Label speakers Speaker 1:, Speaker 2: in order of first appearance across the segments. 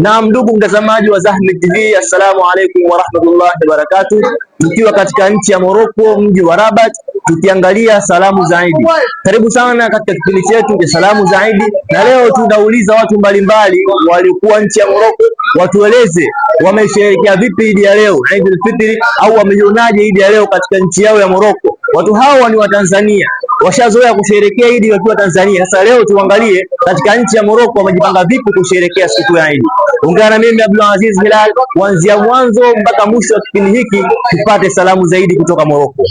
Speaker 1: Naam, ndugu mtazamaji wa Zahmid TV, assalamu rahmatullahi wa barakatuh. Tukiwa katika nchi ya Morocco, mji wa Rabat, tukiangalia salamu za Idi. Karibu sana katika kipindi chetu cha salamu za Idi, na leo tunauliza watu mbalimbali walikuwa nchi ya Morocco watueleze wamesherehekea vipi Idi ya leo Eid al Fitri, au wameionaje Idi ya leo katika nchi yao ya Morocco. Watu hawa ni Watanzania washazoea kusherekea Idi wakiwa Tanzania. Sasa leo tuangalie katika nchi ya Morocco wamejipanga vipi kusherekea siku ya Idi. Ungana mimi Abdulaziz Hilal kuanzia mwanzo mpaka mwisho wa kipindi hiki, tupate salamu zaidi kutoka Morocco.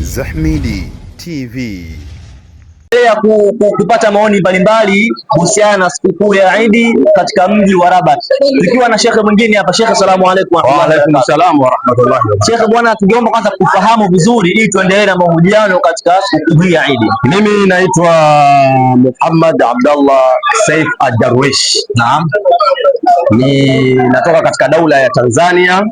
Speaker 1: Zahmidi TV ya ku, ku, kupata maoni mbalimbali kuhusiana na sikukuu ya Idi katika mji wa Rabat, tukiwa na shekhe mwingine hapa. Shekhe, salamu alaykum. Wa alaykum salam wa rahmatullahi. Shekhe bwana, tungeomba kwanza kufahamu vizuri ili tuendelee na mahojiano katika sikukuu hii ya Idi. Mimi naitwa Muhammad Abdallah Saif Ad-Darwish. Naam. Ninatoka katika daula ya Tanzania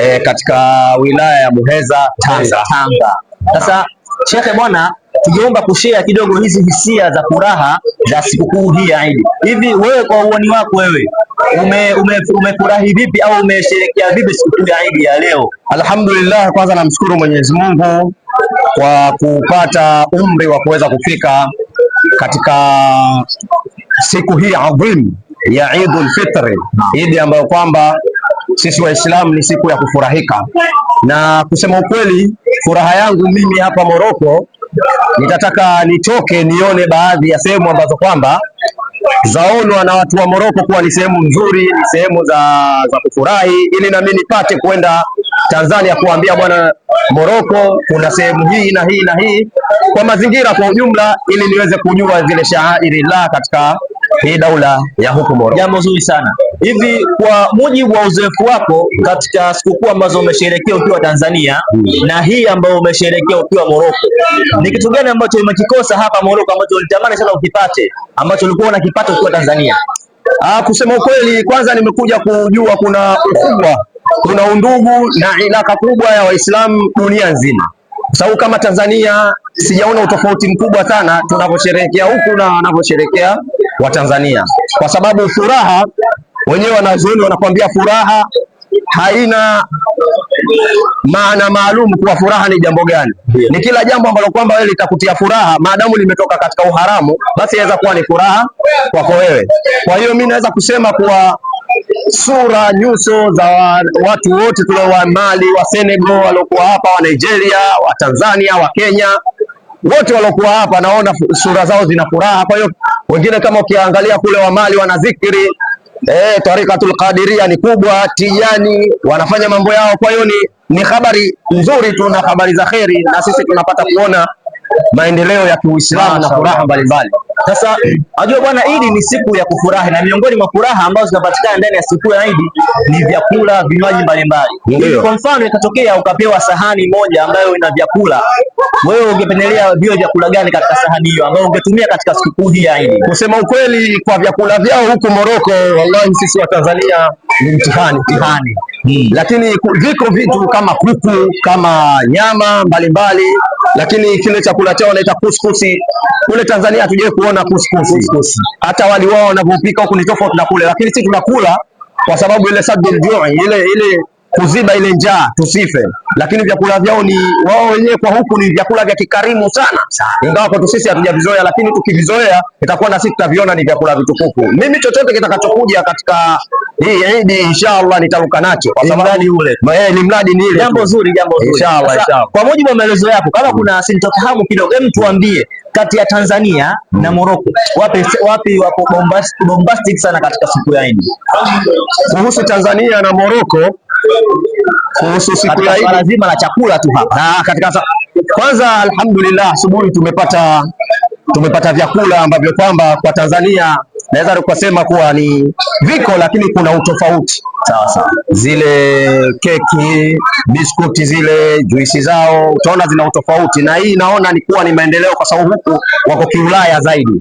Speaker 1: e, katika wilaya ya Muheza Tanga. Tanga. Sasa shekhe bwana, tujeomba kushare kidogo hizi hisia za furaha za sikukuu hii ya Eid. Hivi wewe kwa uoni wako wewe ume umefurahi ume vipi au umesherekea vipi sikukuu ya Eid ya leo? Alhamdulillah, kwanza namshukuru Mwenyezi Mungu kwa kupata umri wa kuweza kufika katika siku hii adhimu ya Idul Fitri, idi ambayo kwamba sisi Waislamu ni siku ya kufurahika, na kusema ukweli, furaha yangu mimi hapa Moroko, nitataka nitoke nione baadhi ya sehemu ambazo kwamba zaonwa na watu wa Moroko kuwa ni sehemu nzuri, ni sehemu za, za kufurahi, ili na mimi nipate kwenda Tanzania kuambia bwana Moroko kuna sehemu hii na hii na hii, kwa mazingira kwa ujumla, ili niweze kujua zile shaairi la katika hii daula ya huku Morogoro. Jambo zuri sana. Hivi kwa mujibu wa uzoefu wako katika sikukuu ambazo umesherehekea ukiwa Tanzania hmm, na hii ambayo umesherehekea ukiwa Moroko, ni kitu gani ambacho umekikosa hapa Moroko ambacho ulitamani sana ukipate ambacho ulikuwa unakipata ukiwa Tanzania? Ah, kusema ukweli, kwanza nimekuja kujua kuna ukubwa, kuna undugu na ilaka kubwa ya Waislamu dunia nzima kwa sababu kama Tanzania sijaona utofauti mkubwa sana tunavyosherehekea huku na wanavyosherehekea wa Tanzania, kwa sababu furaha wenyewe wanazuoni wanakuambia furaha haina maana maalum kuwa furaha ni jambo gani. Ni kila jambo ambalo kwamba wewe litakutia furaha, maadamu limetoka katika uharamu, basi inaweza kuwa ni furaha kwako wewe. Kwa hiyo mimi naweza kusema kuwa sura nyuso za watu wote tulio wa Mali, wa Senegal waliokuwa hapa, wa Nigeria, wa Tanzania, wa Kenya, wote waliokuwa hapa, naona sura zao zina furaha. Kwa hiyo wengine kama ukiangalia kule wa Mali wana zikri eh, tarikatul qadiria ni kubwa, Tijani wanafanya mambo yao. Kwa hiyo ni habari nzuri tu na habari za kheri, na sisi tunapata kuona maendeleo ya Kiuislamu na furaha mbalimbali. Sasa ajua bwana, Idi ni siku ya kufurahi, na miongoni mwa furaha ambazo zinapatikana ndani ya siku ya Idi ni vyakula, vinywaji mbalimbali. Kwa mfano, ikatokea ukapewa sahani moja ambayo ina vyakula, wewe ungependelea vio vyakula gani katika sahani hiyo ambayo ungetumia katika sikukuu hii ya Idi? Kusema ukweli, kwa vyakula vyao huku Moroko, wallahi sisi wa Tanzania ni mtihani mtihani hmm. Lakini viko vitu kama kuku kama nyama mbalimbali, mbali, lakini kile chakula chao wanaita kuskusi. Kule Tanzania hatujai kuona kuskusi, kuskusi. Hata wali wao wanavyopika huku ni tofauti na kule, lakini sisi tunakula kwa sababu ile sabbil juu ile ile kuziba ile njaa tusife, lakini vyakula vyao ni wao wenyewe kwa huku ni vyakula vya kikarimu sana, ingawa kwetu sisi hatujavizoea, lakini tukivizoea itakuwa na sisi tutaviona ni vyakula vitukufu. Mimi chochote kitakachokuja katika hii Idi inshallah nitaruka nacho kwa sababu ule eh, ni mradi ni ile. Jambo zuri, jambo zuri inshallah, inshallah. Kwa mujibu wa maelezo yako, kama mm. kuna sintofahamu kidogo, hem, tuambie kati ya Tanzania mm. na Morocco wapi wapi wapo bombastic bombastic sana katika siku ya Idi? Kuhusu Tanzania na Morocco, kuhusu siku ya Idi lazima la chakula tu hapa na ah, katika kwanza, alhamdulillah asubuhi tumepata tumepata vyakula ambavyo kwamba kwa Tanzania naweza tukasema kuwa ni viko, lakini kuna utofauti sawa sawa. Zile keki, biskuti, zile juisi zao utaona zina utofauti, na hii naona ni kuwa ni maendeleo, kwa sababu huku wako kiulaya zaidi.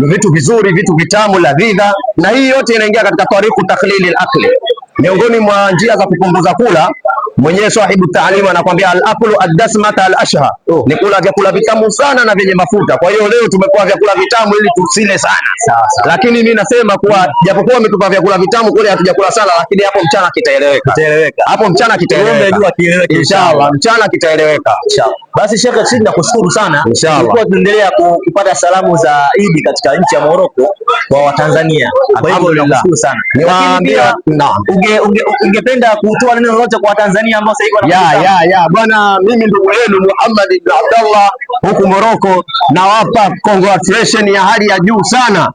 Speaker 1: ni vitu vizuri, vitu vitamu, ladhidha, na hii yote inaingia katika tariku takhlilil akli, miongoni mwa njia za kupunguza kula Mwenyewe sahibu taalimu anakuambia alaklu addasmata alashha, oh, ni kula vyakula vitamu sana na vyenye mafuta. Kwa hiyo leo tumekuwa vyakula vitamu ili tusile sana sasa. Lakini mimi nasema kuwa japokuwa umetupa vyakula vitamu kule hatujakula sana, lakini hapo mchana kitaeleweka, kitaeleweka hapo mchana kitaeleweka, kitaeleweka inshallah mchana kitaeleweka inshallah. Basi shekhe, sisi nakushukuru sana, tulikuwa tunaendelea kupata salamu za Eid katika nchi ya Morocco kwa Watanzania. Kwa Alhamdulillah, nakushukuru sana. Ungependa kutoa neno lolote kwa Watanzania Tanzania ambao sasa hivi ya ya bwana, mimi ndugu yenu Muhammad ibn Abdallah huku Morocco, nawapa congratulation ya hali ya juu sana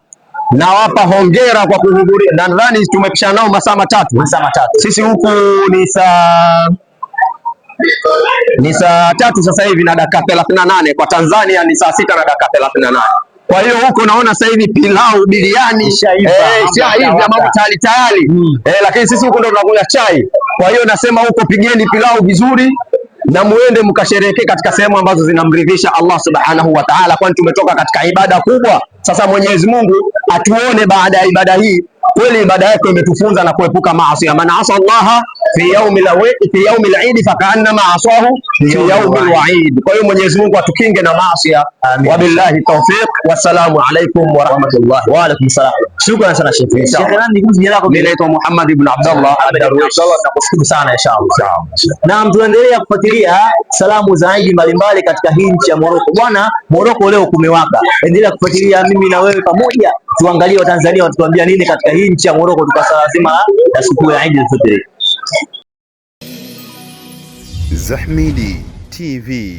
Speaker 1: nawapa hongera kwa kuhudhuria. Nadhani tumepishana nao masaa matatu, masaa matatu. Sisi huku ni saa ni saa tatu sasa hivi na dakika thelathini na nane kwa Tanzania ni saa sita na dakika thelathini na nane kwa hiyo huko naona sasa hivi pilau biliani shaiva, eh, shaiva mambo tayari tayari, hmm. eh, lakini sisi huko ndo tunakunywa chai kwa hiyo nasema huko pigeni pilau vizuri na muende mkasherehekee katika sehemu ambazo zinamridhisha Allah subhanahu wa ta'ala, kwani tumetoka katika ibada kubwa. Sasa Mwenyezi Mungu atuone baada ya ibada hii kweli ibada yake imetufunza na kuepuka maasi. Man asa Allah fi yaumil idi fakaannama asahu fi al waid. Kwa hiyo Mwenyezi Mungu atukinge na maasi. Wabillahi tawfiq, wassalamu alaykum wa rahmatullahi wa alaykum salam. Shukran sana Sheikh. Shukrani kwa yako. Mimi naitwa Muhammad ibn Abdullah Ad-Darwish. Nakushukuru sana inshallah. Naam, tuendelea kufuatilia salamu za aiji mbalimbali katika hii nchi ya Morocco. Bwana Morocco leo kumewaka. Endelea kufuatilia mimi na wewe pamoja, tuangalie Watanzania wanatuambia nini katika hii nchi ya Morocco tukasalaazima na siku ya Eid al-Fitr. Zahmidi TV